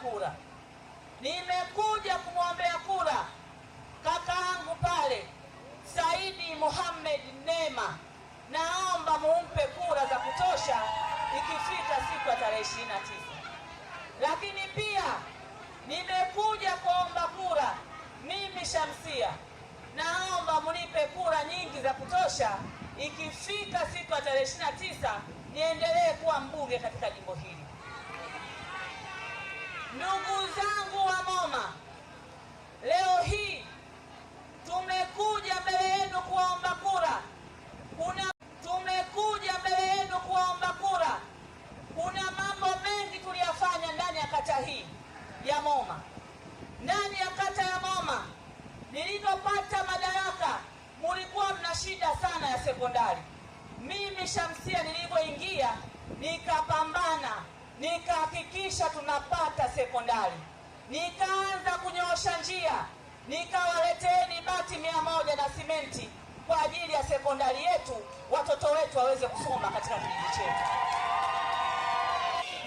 kura. Nimekuja kumwombea kura kakaangu pale Saidi Mohamed Nema, naomba mumpe kura za kutosha ikifika siku ya tarehe 29. Lakini pia nimekuja kuomba kura mimi Shamsia, naomba mnipe kura nyingi za kutosha ikifika siku ya tarehe 29 niendelee kuwa mbunge katika jimbo hili. Ndugu zangu wa Moma, leo hii tumekuja mbele yenu kuwaomba kura. Kuna tumekuja mbele yenu kuwaomba kura. Kuna mambo mengi tuliyafanya ndani ya kata hii ya Moma, ndani ya kata ya Moma. nilivyopata madaraka, mulikuwa mna shida sana ya sekondari. Mimi Shamsia nilivyoingia nikapambana nikahakikisha tunapata sekondari, nikaanza kunyoosha njia, nikawaleteeni bati mia moja na simenti kwa ajili ya sekondari yetu, watoto wetu waweze kusoma katika kijiji chetu.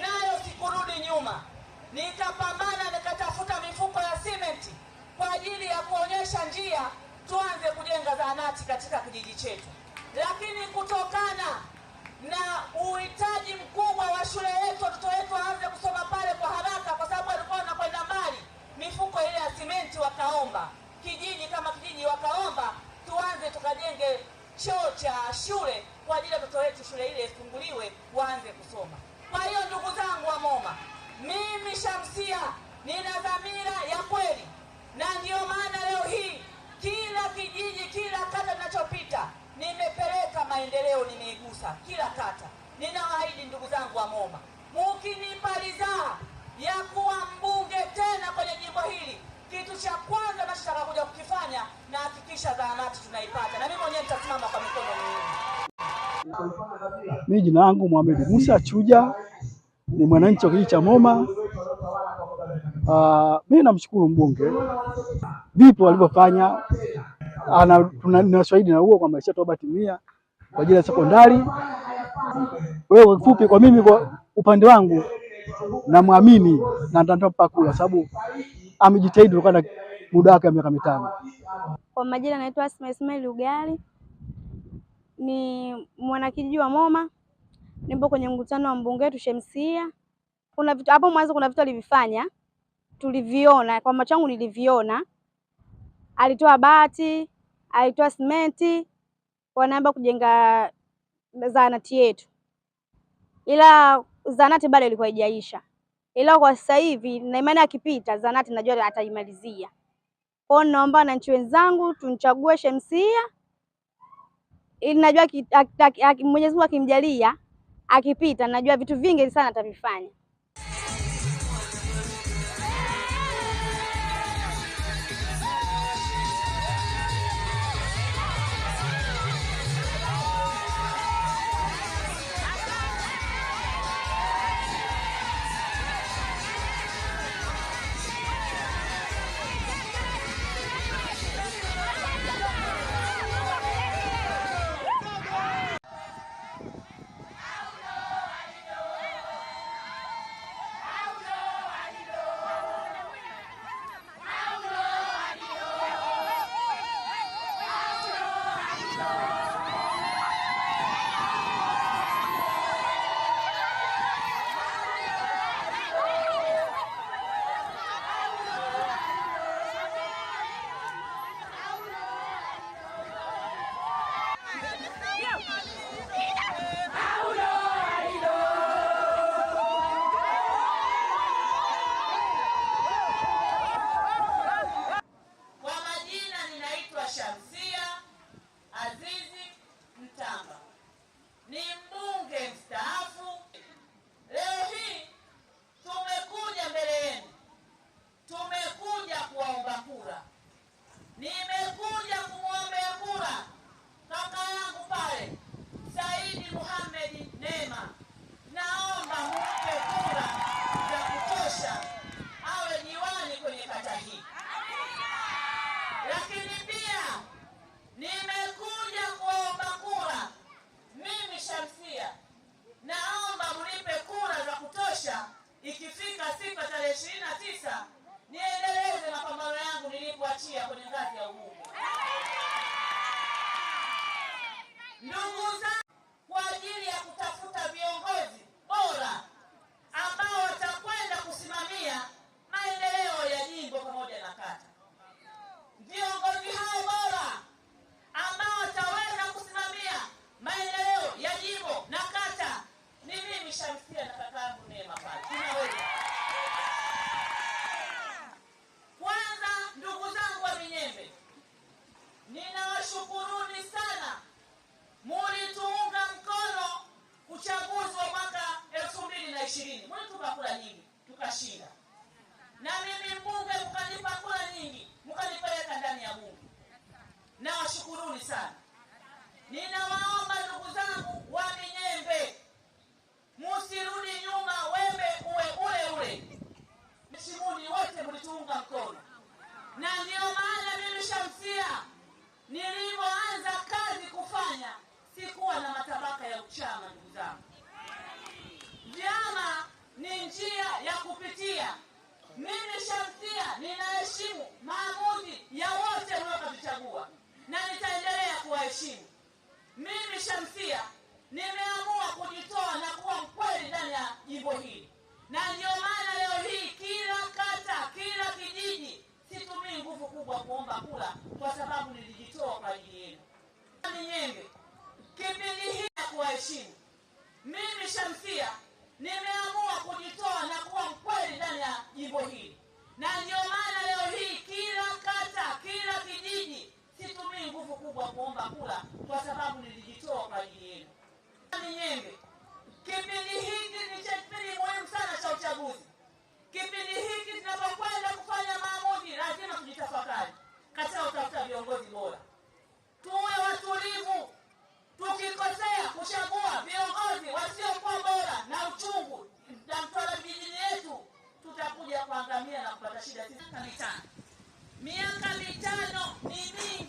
Nayo sikurudi nyuma, nikapambana, nikatafuta mifuko ya simenti kwa ajili ya kuonyesha njia tuanze kujenga zahanati katika kijiji chetu, lakini kutokana na uhitaji mkubwa wa shule yetu, watoto wetu waanze kusoma pale kwa haraka, kwa sababu walikuwa wanakwenda mbali. Mifuko ile ya simenti wakaomba, kijiji kama kijiji wakaomba, tuanze tukajenge choo cha shule kwa ajili ya watoto wetu, shule ile ifunguliwe waanze kusoma. Kwa hiyo ndugu zangu wa Moma, mimi Shamsia nina dhamira ya kweli, na ndiyo maana leo hii kila kijiji, kila kata ninachopita maendeleo nimeigusa kila kata. Ninawaahidi ndugu zangu wa Moma, mukinipa ridhaa ya kuwa mbunge tena kwenye jimbo hili, kitu cha kwanza ambacho tutakuja kukifanya na hakikisha zahanati tunaipata, na mimi mwenyewe nitasimama kwa mikono miwili. Mimi jina langu Mohamed Musa Chuja, ni mwananchi wa kijiji cha Moma. Uh, mimi namshukuru mbunge vipo alivyofanya, ana tunashahidi na huo kwamba ishatoa bati kwa ajili ya sekondari. Wewe mfupi kwa mimi, kwa upande wangu namwamini na nitampa kula, sababu amejitahidi kutokana na muda wake wa miaka mitano. Kwa majina anaitwa Asma Ismail Ugali, ni mwanakijiji wa Moma, nipo kwenye mkutano wa mbunge wetu Shemsia. Kuna vitu hapo mwanzo, kuna vitu alivifanya, tuliviona kwa macho yangu, niliviona. Alitoa bati, alitoa simenti wanaomba kujenga zahanati yetu, ila zahanati bado ilikuwa haijaisha, ila kwa sasa hivi na imani akipita zahanati najua ataimalizia. Kwa hiyo naomba wananchi wenzangu tumchague Shemsia, ili najua Mwenyezi Mungu akimjalia akipita, najua vitu vingi sana atavifanya. nimeshamsikia na kakaangu Neema pale, kwanza. Ndugu zangu wa Minyembe, ninawashukuruni sana, mulituunga mkono uchaguzi wa mwaka elfu mbili na ishirini mulitupa kura nyingi tukashinda, na mimi mbunge mkanipa kura ya uchama. Ndugu zangu, vyama ni njia ya kupitia. Mimi shamsia ninaheshimu maamuzi ya wote mnaokavichagua na nitaendelea kuwaheshimu. Mimi Shamsia nimeamua kujitoa na kuwa mkweli ndani ya jimbo hili, na ndio maana leo hii kubwa kuomba kula, kwa sababu nilijitoa kwa ajili yenu. Nyembe, kipindi hiki ni cha kipindi muhimu sana cha uchaguzi. Kipindi hiki tunapokwenda kufanya maamuzi, lazima tujitafakari katika kutafuta viongozi bora, tuwe watulivu. Tukikosea kuchagua viongozi wasiokuwa bora na uchungu tamtwala vijijini yetu, tutakuja kuangamia na kupata shida. Miaka mitano, miaka mitano ni mingi.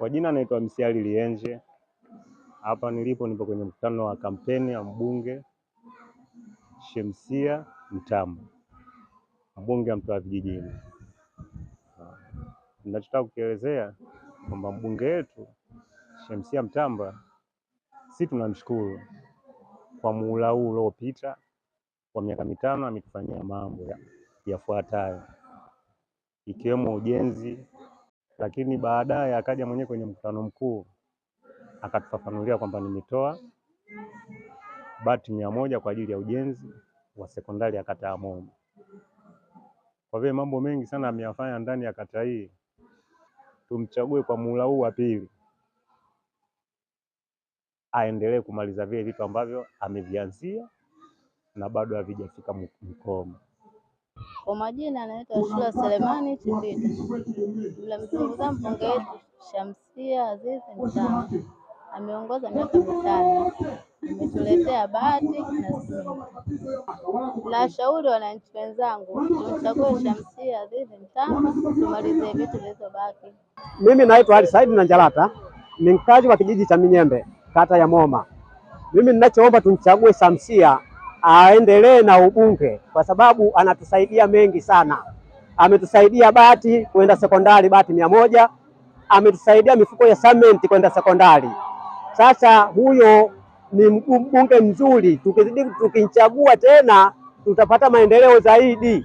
Kwa jina naitwa Msiali Lienje. Hapa nilipo nipo kwenye mkutano wa kampeni ya mbunge Shemsia Mtambo, mbunge wa Mtwara Vijijini. Ninachotaka kukielezea kwamba mbunge wetu Shemsia mtamba si tunamshukuru kwa muhula huu uliopita kwa miaka mitano, ametufanyia mambo yafuatayo ya ikiwemo ujenzi lakini baadaye akaja mwenyewe kwenye mkutano mkuu akatufafanulia kwamba nimetoa bati mia moja kwa ajili ya ujenzi wa sekondari ya kata ya Momba. Kwa vile mambo mengi sana ameyafanya ndani ya kata hii, tumchague kwa muhula huu wa pili aendelee kumaliza vile vitu ambavyo amevianzia na bado havijafika mkomo. Kwa majina anaitwa Ashura Selemani Chipita, mla mzungu zangu mbunge wetu Shamsia Azizi mtana ameongoza miaka mitano, ametuletea bahati na shauri Nashauri wananchi wenzangu tumchague Shamsia Azizi mtana tumalize vitu vilivyobaki. Mimi naitwa Ali Saidi Nanjalata, ni mkazi wa kijiji cha Minyembe, kata ya Moma. Mimi ninachoomba tumchague Shamsia aendelee na ubunge kwa sababu anatusaidia mengi sana. Ametusaidia bati kwenda sekondari bati mia moja, ametusaidia mifuko ya samenti kwenda sekondari. Sasa huyo ni mbunge mzuri, tukizidi tukimchagua tena tutapata maendeleo zaidi.